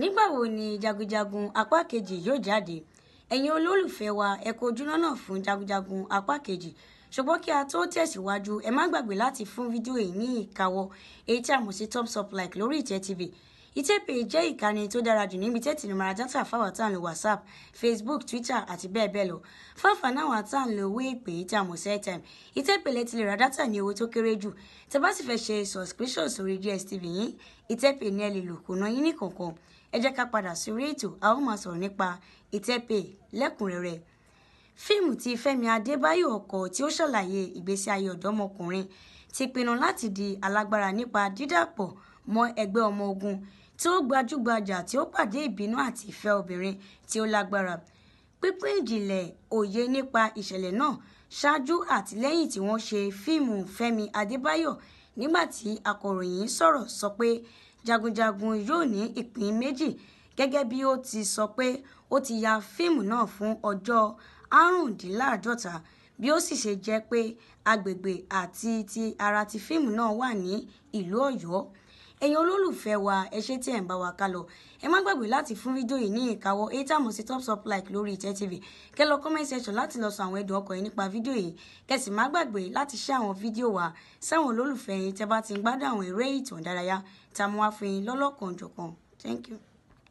nígbà wo ni jagunjagun apá kejì yóò jáde ẹ̀yin olólùfẹ́ wa ẹ kó ojúná náà fún jagunjagun apá kejì ṣùgbọ́n kí a tó tẹ̀síwájú ẹ má gbàgbé láti fún fídíò yìí ní ìkáwọ́ èyí tí a mọ̀ sí thumbs up like lórí ìtẹ́ tv itépè jẹ́ ìkànnì tó dára jù níbi tẹ́tì ní maradata fáwọn tá à ń lo whatsapp facebook twitter àti bẹ́ẹ̀ bẹ́ẹ̀ lọ fáfà náwọn tá à ń lo owó ìpè tá a mọ̀ sí airtime itépè lẹ ti lè ra dátà ní owó tó kéré jù tẹ́ bá sì fẹ́ ṣe subscription sórí dstv yín itépè ní ẹ lè lò kò ná yín ní kankan ẹ jẹ́ ká padà sórí ètò a ó máa sọ̀rọ̀ nípa itépè lẹ́kùnrẹ́rẹ́ fíìmù ti Fẹ́mi Adébáyọ̀ ọkọ tí ó ṣàlàyé ìgbésí ayé ọ̀dọ́mọkùnrin ti pinnu láti di alágbára nípa dídàpọ̀ mọ́ ẹgbẹ́ ọmọ ogun tó gbajúgbajà tí ó pàdé ìbínú àti ìfẹ́ obìnrin tí ó lágbára pínpín ìjìnlẹ̀ òye nípa ìṣẹ̀lẹ̀ náà ṣáájú àti lẹ́yìn tí wọ́n ṣe fíìmù Fẹ́mi Adébáyọ̀ nígbà tí akọ̀ròyìn sọ̀rọ̀ sọ pé jagunjagun yóò ní ìpín méjì gẹ́gẹ́ bí ó ti sọ pé ó ti ya fíìmù náà fún ọjọ́ àrùndínláàádọ́ta bí ó sì ṣe jẹ́ pé agbègbè àti ti ara ti fíìmù náà wà ní ìlú Ọ̀yọ́ ẹ̀yin olólùfẹ́ wa ẹ ṣé tí ẹ̀ ń bá wa ká lọ ẹ má gbàgbé láti fún fídíò yìí ní ìkáwọ́ èyí tá a mọ̀ sí top top like lórí ìtẹ́ tv kẹ́ lọ comment section láti lọ sọ àwọn ẹ̀dùn ọkàn yín nípa fídíò yìí kẹ́ má gbàgbé láti share àwọn fídíò wa sáwọn olólùfẹ́ yín tẹ́ bá ti ń gbádùn àwọn eré ìtàn ìdárayá tá a mú wá fún yín lọ́lọ́kan thank you.